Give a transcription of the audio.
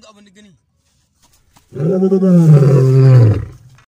ga abin da gani